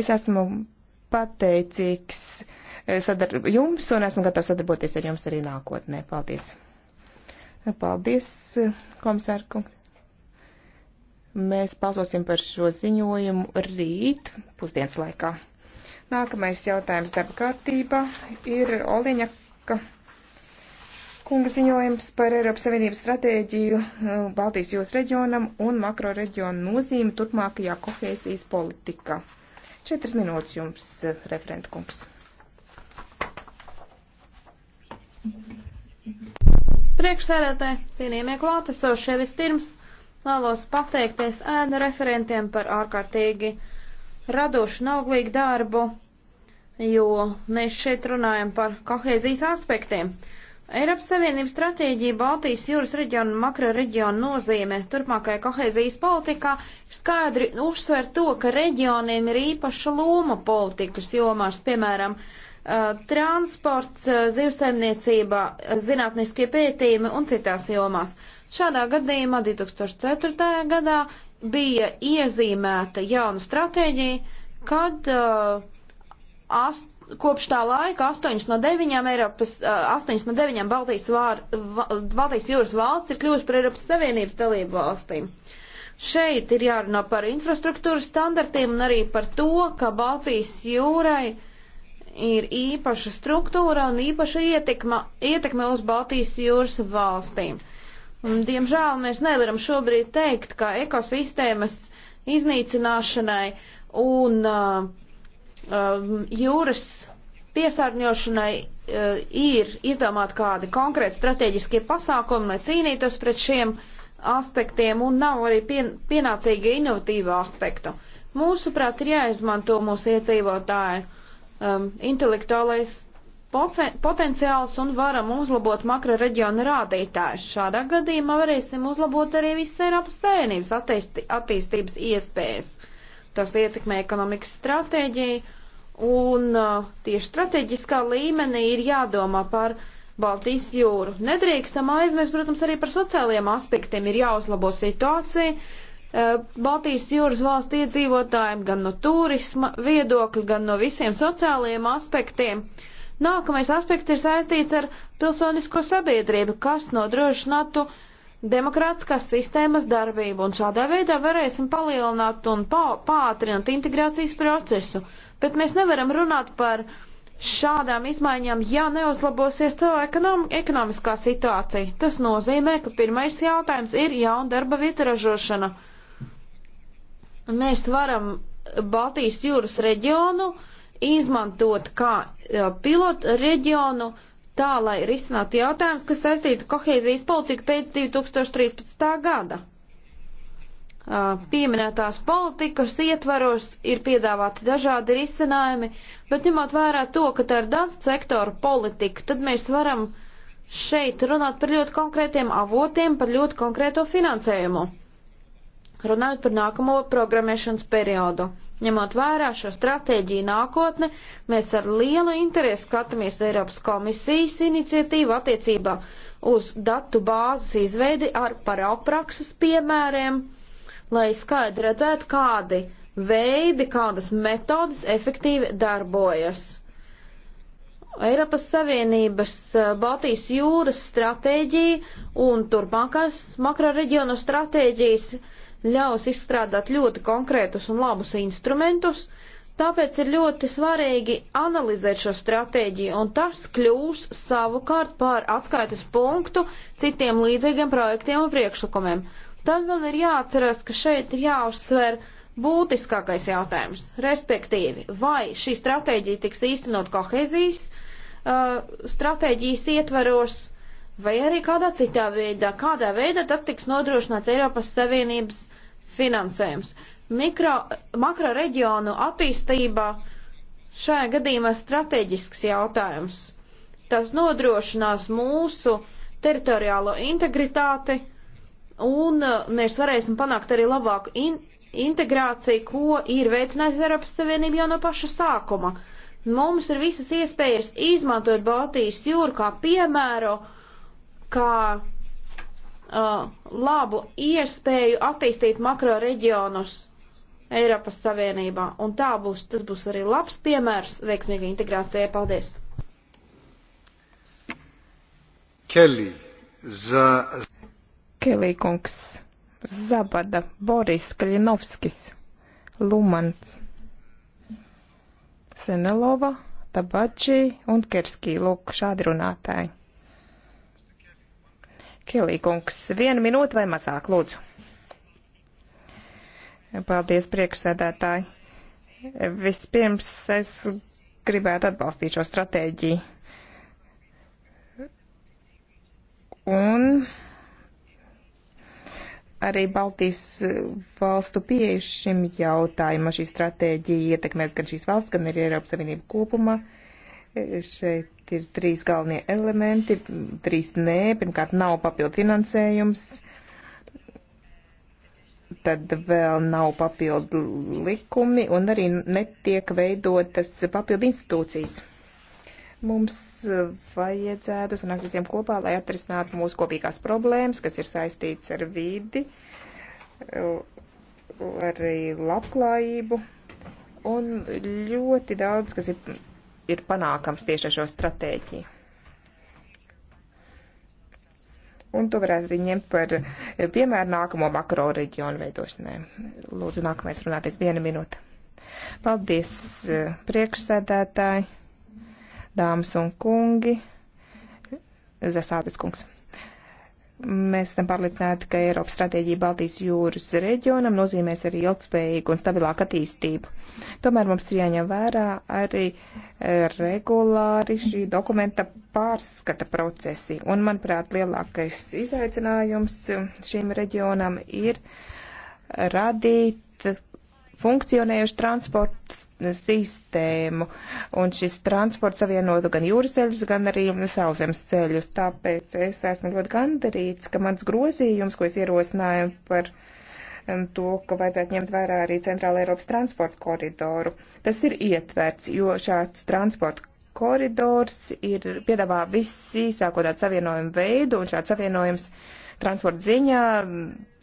Es esmu pateicīgs eh, sadar jums un esmu gatavs sadarboties ar jums arī nākotnē. Paldies. Paldies, komisārku. Mēs balsosim par šo ziņojumu rīt pusdienas laikā. Nākamais jautājums darba kārtībā ir Oliņaka kunga ziņojums par Eiropas Savienības stratēģiju eh, Baltijas jūras reģionam un makroreģionu nozīmi turpmākajā kohēzijas politikā. Četras minūtes jums, eh, referenta kungs. Priekšsēdētāji, cienījamie klātesošie, vispirms vēlos pateikties ēnu referentiem par ārkārtīgi radošu un auglīgu darbu, jo mēs šeit runājam par kohēzijas aspektiem. Uh, Eiropas Savienības stratēģija Baltijas jūras reģiona un makro reģiona nozīme turpmākajā kohēzijas politikā skaidri uzsver to, ka reģioniem ir īpaša loma politikas jomās, piemēram, transports, zivsaimniecība, zinātniskie pētījumi un citās jomās. Šādā gadījumā 2004. gadā bija iezīmēta jauna stratēģija, kad uh, ast, Kopš tā laika 8 no 9 Eiropas, 8 no 9 Baltijas, vār, Baltijas jūras valsts ir kļuvusi par Eiropas Savienības dalību valstīm. Šeit ir jārunā par infrastruktūras standartiem un arī par to, ka Baltijas jūrai ir īpaša struktūra un īpaša ietekma, ietekme uz Baltijas jūras valstīm. Un, diemžēl mēs nevaram šobrīd teikt, ka ekosistēmas iznīcināšanai un uh, um, jūras piesārņošanai uh, ir izdomāti kādi konkrēti strateģiskie pasākumi, lai cīnītos pret šiem aspektiem un nav arī pien, pienācīgi inovatīvu aspektu. Mūsuprāt, ir jāizmanto mūsu iedzīvotāju um, intelektuālais potenciāls un varam uzlabot makro reģionu rādītājus. Šādā gadījumā varēsim uzlabot arī visas Eiropas Savienības attīstības iespējas tas ietekmē ekonomikas stratēģiju, un uh, tieši strateģiskā līmenī ir jādomā par Baltijas jūru. Nedrīkstam aizmirst, protams, arī par sociālajiem aspektiem ir jāuzlabo situācija. Uh, Baltijas jūras valsts iedzīvotājiem gan no turisma viedokļa, gan no visiem sociālajiem aspektiem. Nākamais aspekts ir saistīts ar pilsonisko sabiedrību, kas nodrošinātu uh, demokrātiskās sistēmas darbību, un šādā veidā varēsim palielināt un pātrināt integrācijas procesu. Bet mēs nevaram runāt par šādām izmaiņām, ja neuzlabosies cilvēka ekonom ekonomiskā situācija. Tas nozīmē, ka pirmais jautājums ir jauna darba vieta ražošana. Mēs varam Baltijas jūras reģionu izmantot kā eh, pilotu reģionu, uh, tā, lai risinātu jautājumus, kas saistītu kohēzijas politiku pēc 2013. gada. Uh, pieminētās politikas ietvaros ir piedāvāti dažādi risinājumi, bet ņemot vērā to, ka tā ir daudz sektoru politika, tad mēs varam šeit runāt par ļoti konkrētiem avotiem, par ļoti konkrēto finansējumu. Runājot par nākamo programmēšanas periodu. Ņemot vērā šo stratēģiju nākotne, mēs ar lielu interesi skatāmies Eiropas komisijas iniciatīvu attiecībā uz datu bāzes izveidi ar paraugprakses piemēriem, lai skaidri redzētu, kādi veidi, kādas metodas efektīvi darbojas. Eiropas Savienības eh, Baltijas jūras stratēģija un turpmākās makroreģionu stratēģijas ļaus izstrādāt ļoti konkrētus un labus instrumentus, tāpēc ir ļoti svarīgi analizēt šo stratēģiju, un tas kļūs savukārt par atskaites punktu citiem līdzīgiem projektiem un priekšlikumiem. Tad vēl ir jāatcerās, ka šeit ir jāuzsver būtiskākais jautājums, respektīvi, vai šī stratēģija tiks īstenot kohezijas uh, stratēģijas ietveros, vai arī kādā citā veidā, kādā veidā tad tiks nodrošināts Eiropas Savienības finansējums. Mikro, makro reģionu attīstībā šajā gadījumā strateģisks jautājums. Tas nodrošinās mūsu teritoriālo integritāti un uh, mēs varēsim panākt arī labāku in integrāciju, ko ir veicinājusi Eiropas Savienība jau no paša sākuma. Mums ir visas iespējas izmantot Baltijas jūru kā piemēru, kā uh, labu iespēju attīstīt makro reģionus Eiropas Savienībā. Un tā būs, tas būs arī labs piemērs veiksmīgai integrācijai. Paldies! Kelly, za... Kelly kungs, Zabada, Boris Kaļinovskis, Lumans, Senelova, Tabači un Kerskī, lūk, šādi runātāji. Kielīkungs, viena minūte vai mazāk, lūdzu. Paldies, priekšsēdētāji. Vispirms es gribētu atbalstīt šo stratēģiju. Un arī Baltijas valstu pieeja šim jautājumam. Šī stratēģija ietekmēs gan šīs valsts, gan arī Eiropas Savienību kopumā. Šeit ir trīs galvenie elementi, trīs nē, pirmkārt nav papildu finansējums, tad vēl nav papildu likumi un arī netiek veidotas papildu institūcijas. Mums vajadzētu sanākt visiem kopā, lai atrisinātu mūsu kopīgās problēmas, kas ir saistīts ar vidi, arī labklājību un ļoti daudz, kas ir ir panākams tieši ar šo stratēģiju. Un to varētu arī ņemt par piemēru nākamo makro reģionu veidošanai. Lūdzu, nākamais runāties viena minūte. Paldies, eh, priekšsēdētāji, dāmas un kungi, Zesātis kungs. Mēs esam pārliecināti, ka Eiropas stratēģija Baltijas jūras reģionam nozīmēs arī ilgspējīgu un stabilāku attīstību. Tomēr mums ir jāņem vērā arī e, regulāri šī dokumenta pārskata procesi. Un, manuprāt, lielākais izaicinājums šim reģionam ir radīt funkcionējušu transportu sistēmu, un šis transports savienotu gan jūraseļus, gan arī sauzemes ceļus. Tāpēc es esmu ļoti gandarīts, ka mans grozījums, ko es ierosināju par um, to, ka vajadzētu ņemt vērā arī Centrāla Eiropas transporta koridoru, tas ir ietverts, jo šāds transporta koridors ir piedāvā visīsāko tādu savienojumu veidu, un šāds savienojums uh, transporta ziņā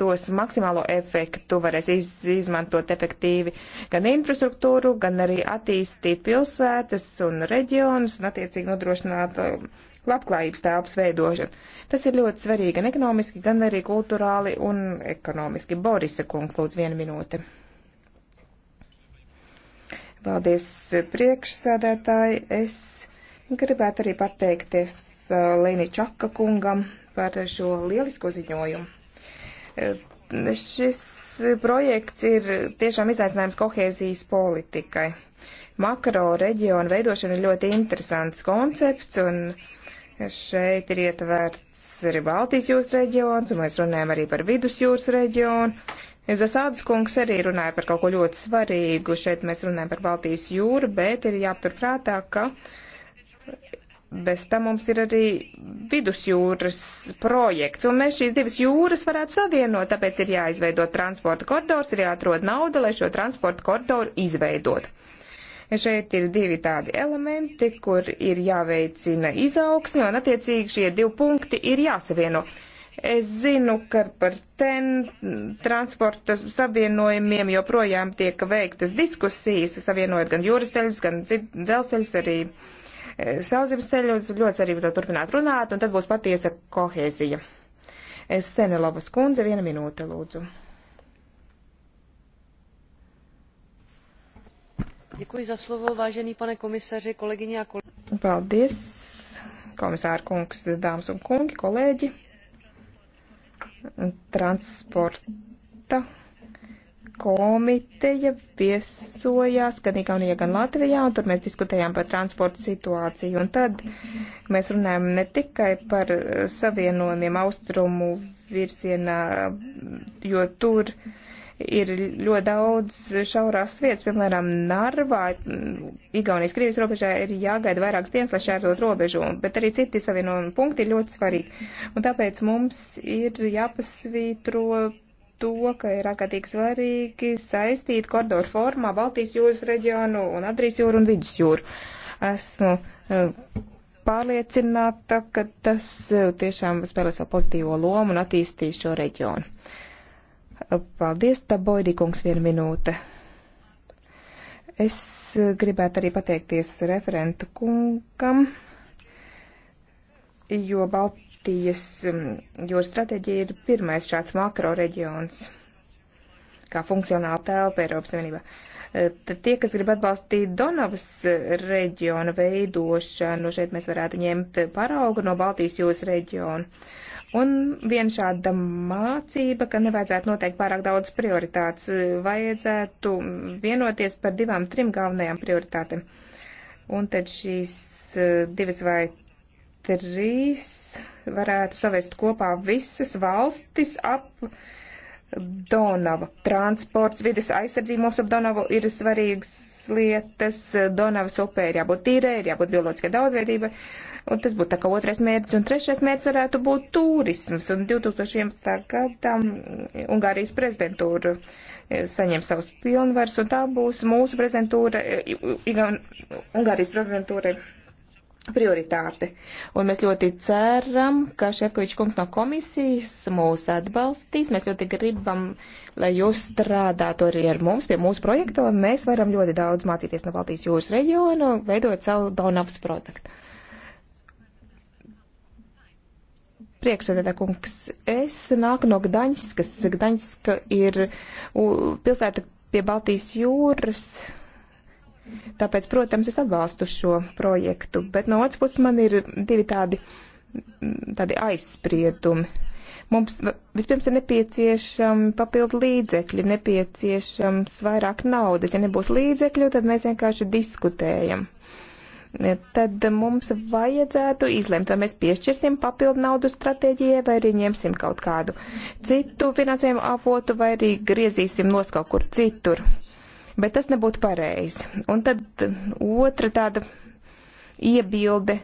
tos maksimālo efektu varēs iz, izmantot efektīvi gan infrastruktūru, gan arī attīstīt pilsētas un reģionus un attiecīgi nodrošināt um, labklājības telpas veidošanu. Tas ir ļoti svarīgi gan ekonomiski, gan arī kulturāli un ekonomiski. Borisa kungs, lūdzu, vienu minūti. Paldies, priekšsēdētāji. Es Gribētu arī pateikties uh, Lēni Čaka kungam par šo lielisko ziņojumu. Uh, šis projekts ir tiešām izaicinājums kohēzijas politikai. Makro reģionu veidošana ir ļoti interesants koncepts, un šeit ir ietverts arī Baltijas jūras reģions, un mēs runājam arī par vidusjūras reģionu. Zasādas kungs arī runāja par kaut ko ļoti svarīgu. Šeit mēs runājam par Baltijas jūru, bet ir jāpaturprātā, ka uh, Bez tam mums ir arī vidusjūras projekts, un mēs šīs divas jūras varētu savienot, tāpēc ir jāizveido transporta koridors, ir jāatrod nauda, lai šo transporta koridoru izveidot. Šeit ir divi tādi elementi, kur ir jāveicina izaugsme, un attiecīgi šie divi punkti ir jāsavieno. Es zinu, ka par ten transporta savienojumiem joprojām tiek veiktas diskusijas, savienojot gan jūras ceļus, gan dzelzceļus, arī uh, sauszemes ceļos. Ļoti svarīgi to turpināt runāt, un tad būs patiesa kohēzija. Es Senelovas kundze, viena minūte, lūdzu. Děkuji za slovo, vážený pane komisaři, kolegyně a kolegové. Paldies, komisāra kungs, dāmas un kungi, kolēģi. Transporta komiteja viesojās gan Igaunijā, gan Latvijā, un tur mēs diskutējām par transportu situāciju. Un tad mēs runājam ne tikai par savienojumiem austrumu virsienā, jo tur ir ļoti daudz šaurās vietas, piemēram, Narvā, Igaunijas Krievijas robežā ir jāgaida vairākas dienas, lai šķērtot robežu, bet arī citi savienojumi punkti ir ļoti svarīgi. Un tāpēc mums ir jāpasvītro to, ka ir ārkārtīgi svarīgi saistīt koridoru formā Baltijas jūras reģionu un Adrijas jūru un Vidus jūru. Esmu e, pārliecināta, ka tas e, tiešām spēlē savu pozitīvo lomu un attīstīs šo reģionu. E, paldies, Taboidīkungs, viena minūte. Es gribētu arī pateikties referentu kungam, jo Baltijas Baltijas um, jūras stratēģija ir pirmais šāds makro reģions, kā funkcionāla telpa Eiropas Savienībā. Uh, tad tie, kas grib atbalstīt Donavas uh, reģiona veidošanu, šeit mēs varētu ņemt paraugu no Baltijas jūras reģiona. Un viena šāda mācība, ka nevajadzētu noteikt pārāk daudz prioritātes, uh, vajadzētu vienoties par divām, trim galvenajām prioritātēm. Un tad šīs divas vai trīs varētu savest kopā visas valstis ap Donavu. Transports, vides aizsardzība mums ap Donavu ir svarīgas lietas. Donavas upē ir jābūt tīrai, ir jābūt bioloģiskai daudzveidībai. Un tas būtu tā kā otrais mērķis. Un trešais mērķis varētu būt turisms. Un 2011. gadā Ungārijas prezidentūra eh, saņem savus pilnvarus. Un tā būs mūsu prezidentūra, eh, Ungārijas prezidentūra prioritāte. Un mēs ļoti ceram, ka Šefkovičs kungs no komisijas mūs atbalstīs. Mēs ļoti gribam, lai jūs strādātu arī ar mums pie mūsu projekta, un mēs varam ļoti daudz mācīties no Baltijas jūras reģiona, veidot savu Donavas produktu. Priekšsēdētā kungs, es nāku no Gdaņskas. Gdaņska ir pilsēta pie Baltijas jūras. Tāpēc, protams, es atbalstu šo projektu, bet no otras puses man ir divi tādi, tādi aizspriedumi. Mums vispirms ir nepieciešami papildu līdzekļi, nepieciešams vairāk naudas. Ja nebūs līdzekļu, tad mēs vienkārši diskutējam. Tad mums vajadzētu izlemt, vai mēs piešķirsim papildu naudu stratēģijai, vai arī ņemsim kaut kādu citu finansējumu avotu, vai arī griezīsim nos kaut kur citur. Uh, bet tas nebūtu pareizi. Un tad otra tāda iebilde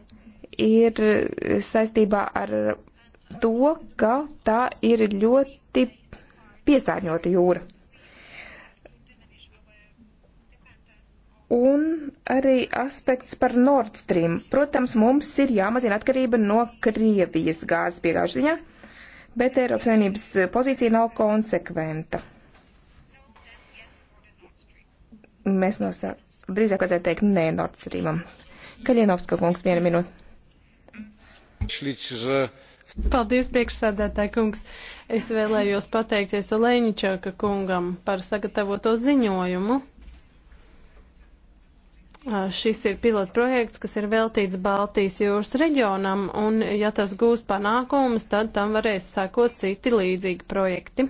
ir saistībā ar to, ka tā ir ļoti piesārņota jūra. Un arī aspekts par Nord Stream. Protams, mums ir jāmazina atkarība no Krievijas gāzes piegāžu ziņā, bet Eiropas Savienības pozīcija nav konsekventa. Mēs nosā... drīzāk vajadzētu teikt nē Nord Streamam. Kaļienovska kungs, viena minūte. Paldies, priekšsēdētāji kungs. Es vēlējos pateikties Oleņķaka kungam par sagatavoto ziņojumu. Šis ir pilota projekts, kas ir veltīts Baltijas jūras reģionam, un ja tas gūs panākumus, tad tam varēs sekot citi līdzīgi projekti.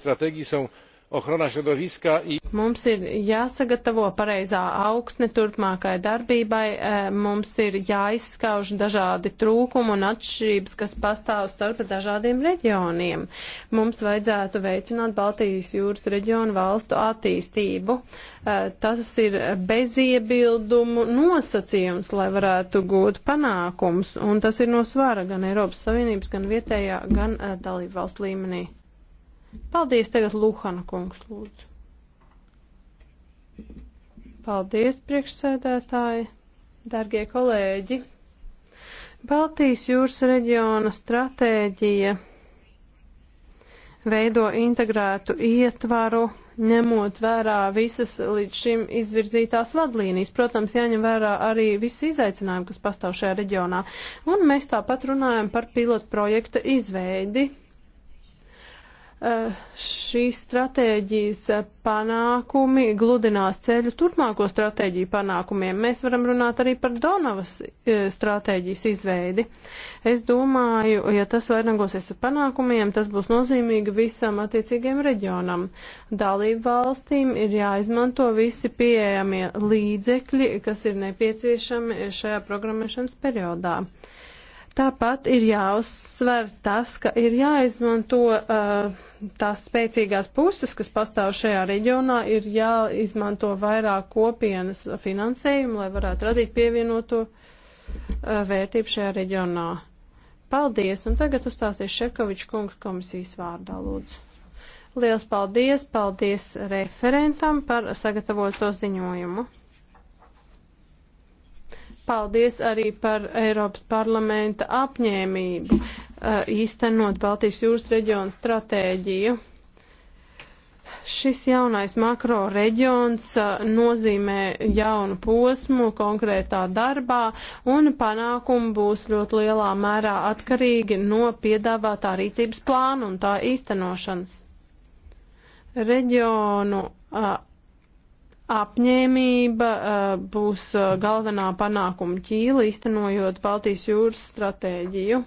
Stratēģijas jau. Un ochrona środowiska i Mums ir jāsagatavo pareizā augsne turpmākai darbībai, e, mums ir jāizskauž dažādi trūkumi un atšķirības, kas pastāv starp dažādiem reģioniem. Mums vajadzētu veicināt Baltijas jūras reģionu valstu attīstību. E, tas ir beziebildumu nosacījums, lai varētu gūt panākums, un tas ir no svara gan Eiropas Savienības, gan vietējā, gan e, dalību valsts līmenī. Paldies tagad Luhana kungs, lūdzu. Paldies, priekšsēdētāji, dargie kolēģi. Baltijas jūras reģiona stratēģija veido integrētu ietvaru, ņemot vērā visas līdz šim izvirzītās vadlīnijas. Protams, jāņem vērā arī visi izaicinājumi, kas pastāv šajā reģionā. Un mēs tāpat runājam par pilotu projekta izveidi, Eh, šīs stratēģijas eh, panākumi gludinās ceļu turpmāko stratēģiju panākumiem. Mēs varam runāt arī par Donavas eh, stratēģijas izveidi. Es domāju, ja tas vainagosies ar panākumiem, tas būs nozīmīgi visam attiecīgiem reģionam. Dalību valstīm ir jāizmanto visi pieejamie līdzekļi, kas ir nepieciešami šajā programmēšanas periodā. Tāpat ir jāuzsver tas, ka ir jāizmanto uh, tās spēcīgās puses, kas pastāv šajā reģionā, ir jāizmanto vairāk kopienas finansējumu, lai varētu radīt pievienoto uh, vērtību šajā reģionā. Paldies, un tagad uzstāsies Šefkovičs kungs komisijas vārdā, lūdzu. Liels paldies, paldies referentam par sagatavoto ziņojumu. Paldies arī par Eiropas parlamenta apņēmību uh, īstenot Baltijas jūras reģionu stratēģiju. Šis jaunais makro reģions uh, nozīmē jaunu posmu konkrētā darbā, un panākumi būs ļoti lielā mērā atkarīgi no piedāvātā rīcības plāna un tā īstenošanas. Reģionu uh, apņēmība eh, būs eh, galvenā panākuma ķīla, iztenojot Baltijas jūras stratēģiju.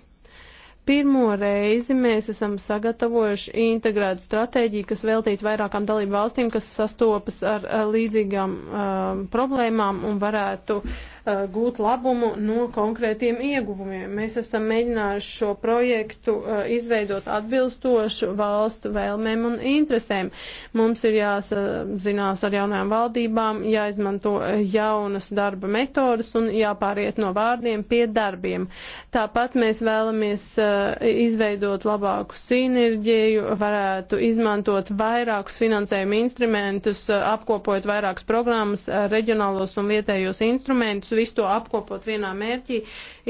Pirmo reizi mēs esam sagatavojuši integrētu stratēģiju, kas veltīta vairākām dalību valstīm, kas sastopas ar līdzīgām uh, problēmām un varētu uh, gūt labumu no konkrētiem ieguvumiem. Mēs esam mēģinājuši šo projektu uh, izveidot atbilstošu valstu vēlmēm un interesēm. Mums ir jāsazinās ar jaunajām valdībām, jāizmanto jaunas darba metodas un jāpāriet no vārdiem pie darbiem. Tāpat mēs vēlamies uh, Uh, izveidot labāku sinerģiju, varētu izmantot vairākus finansējuma instrumentus, uh, apkopot vairākas programmas, uh, reģionālos un vietējos instrumentus, visu to apkopot vienā mērķī,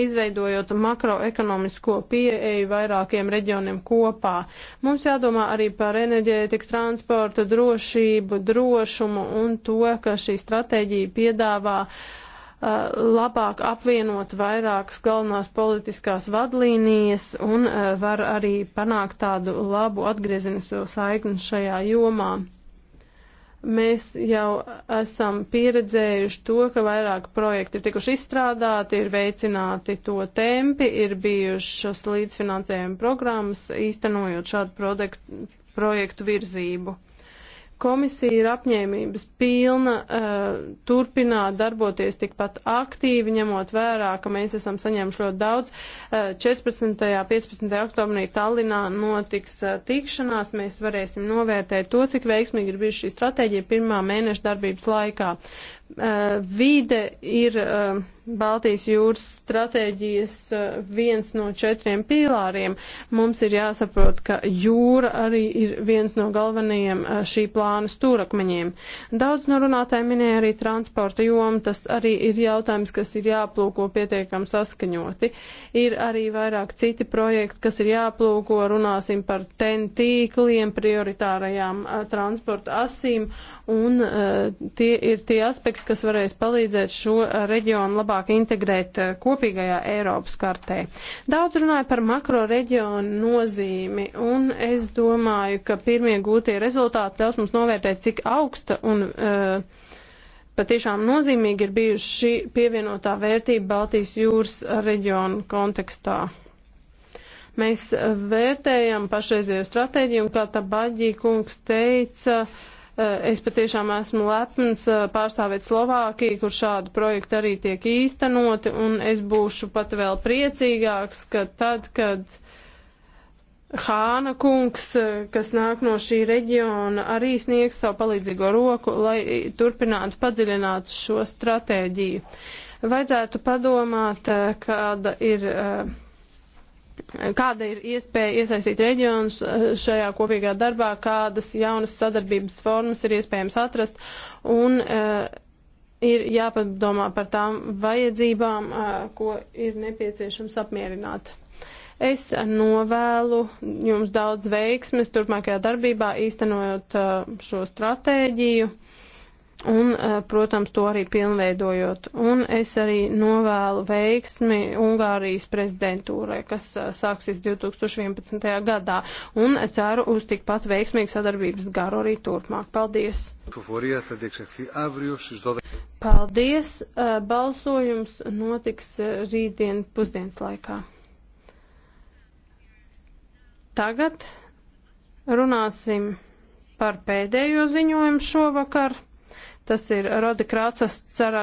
izveidojot makroekonomisko pieeju vairākiem reģioniem kopā. Mums jādomā arī par enerģētiku, transporta drošību, drošumu un to, ka šī stratēģija piedāvā uh, labāk apvienot vairākas galvenās politiskās vadlīnijas un var arī panākt tādu labu atgriezinisko saikni šajā jomā. Mēs jau esam pieredzējuši to, ka vairāk projekti ir tikuši izstrādāti, ir veicināti to tempi, ir bijušas līdzfinansējuma programmas, īstenojot šādu projektu virzību. Komisija ir apņēmības pilna uh, turpināt darboties tikpat aktīvi, ņemot vērā, ka mēs esam saņēmuši ļoti daudz. Uh, 14. un 15. oktobrī Tallinā notiks uh, tikšanās. Mēs varēsim novērtēt to, cik veiksmīgi ir bijusi šī stratēģija pirmā mēneša darbības laikā. Eh, vide ir eh, Baltijas jūras stratēģijas eh, viens no četriem pīlāriem. Mums ir jāsaprot, ka jūra arī ir viens no galvenajiem šī plāna stūrakmeņiem. Daudz no runātājiem minēja arī transporta jomu, tas arī ir jautājums, kas ir jāplūko pietiekam saskaņoti. Ir arī vairāk citi projekti, kas ir jāplūko, runāsim par ten tīkliem, prioritārajām transporta asīm, un uh, tie ir tie aspekti, projekti, kas varēs palīdzēt šo eh, reģionu labāk integrēt eh, kopīgajā Eiropas kartē. Daudz runāja par makro reģionu nozīmi, un es domāju, ka pirmie gūtie rezultāti ļaus mums novērtēt, cik augsta un uh, patiešām nozīmīgi ir bijusi šī pievienotā vērtība Baltijas jūras reģionu kontekstā. Mēs vērtējam pašreizējo stratēģiju, un kā Tabaģī kungs teica, uh, Eh, es patiešām esmu lepns eh, pārstāvēt Slovākiju, kur šādu projektu arī tiek īstenoti, un es būšu pat vēl priecīgāks, ka tad, kad Hāna kungs, eh, kas nāk no šī reģiona, arī sniegs savu palīdzīgo roku, lai turpinātu padziļināt šo stratēģiju. Vajadzētu padomāt, kāda ir. Uh, kāda ir iespēja iesaistīt reģionus eh, šajā kopīgā darbā, kādas jaunas sadarbības formas ir iespējams atrast un uh, ir jāpadomā par tām vajadzībām, uh, ko ir nepieciešams apmierināt. Es novēlu jums daudz veiksmes turpmākajā darbībā, īstenojot uh, šo stratēģiju. Un, eh, protams, to arī pilnveidojot. Un es arī novēlu veiksmi Ungārijas prezidentūrai, kas eh, sāksies 2011. gadā. Un ceru uz tikpat veiksmīgu sadarbības garu arī turpmāk. Paldies! Paldies! Eh, balsojums notiks rītdien pusdienas laikā. Tagad runāsim par pēdējo ziņojumu šovakar. Tas ir Rodi Krācas cerā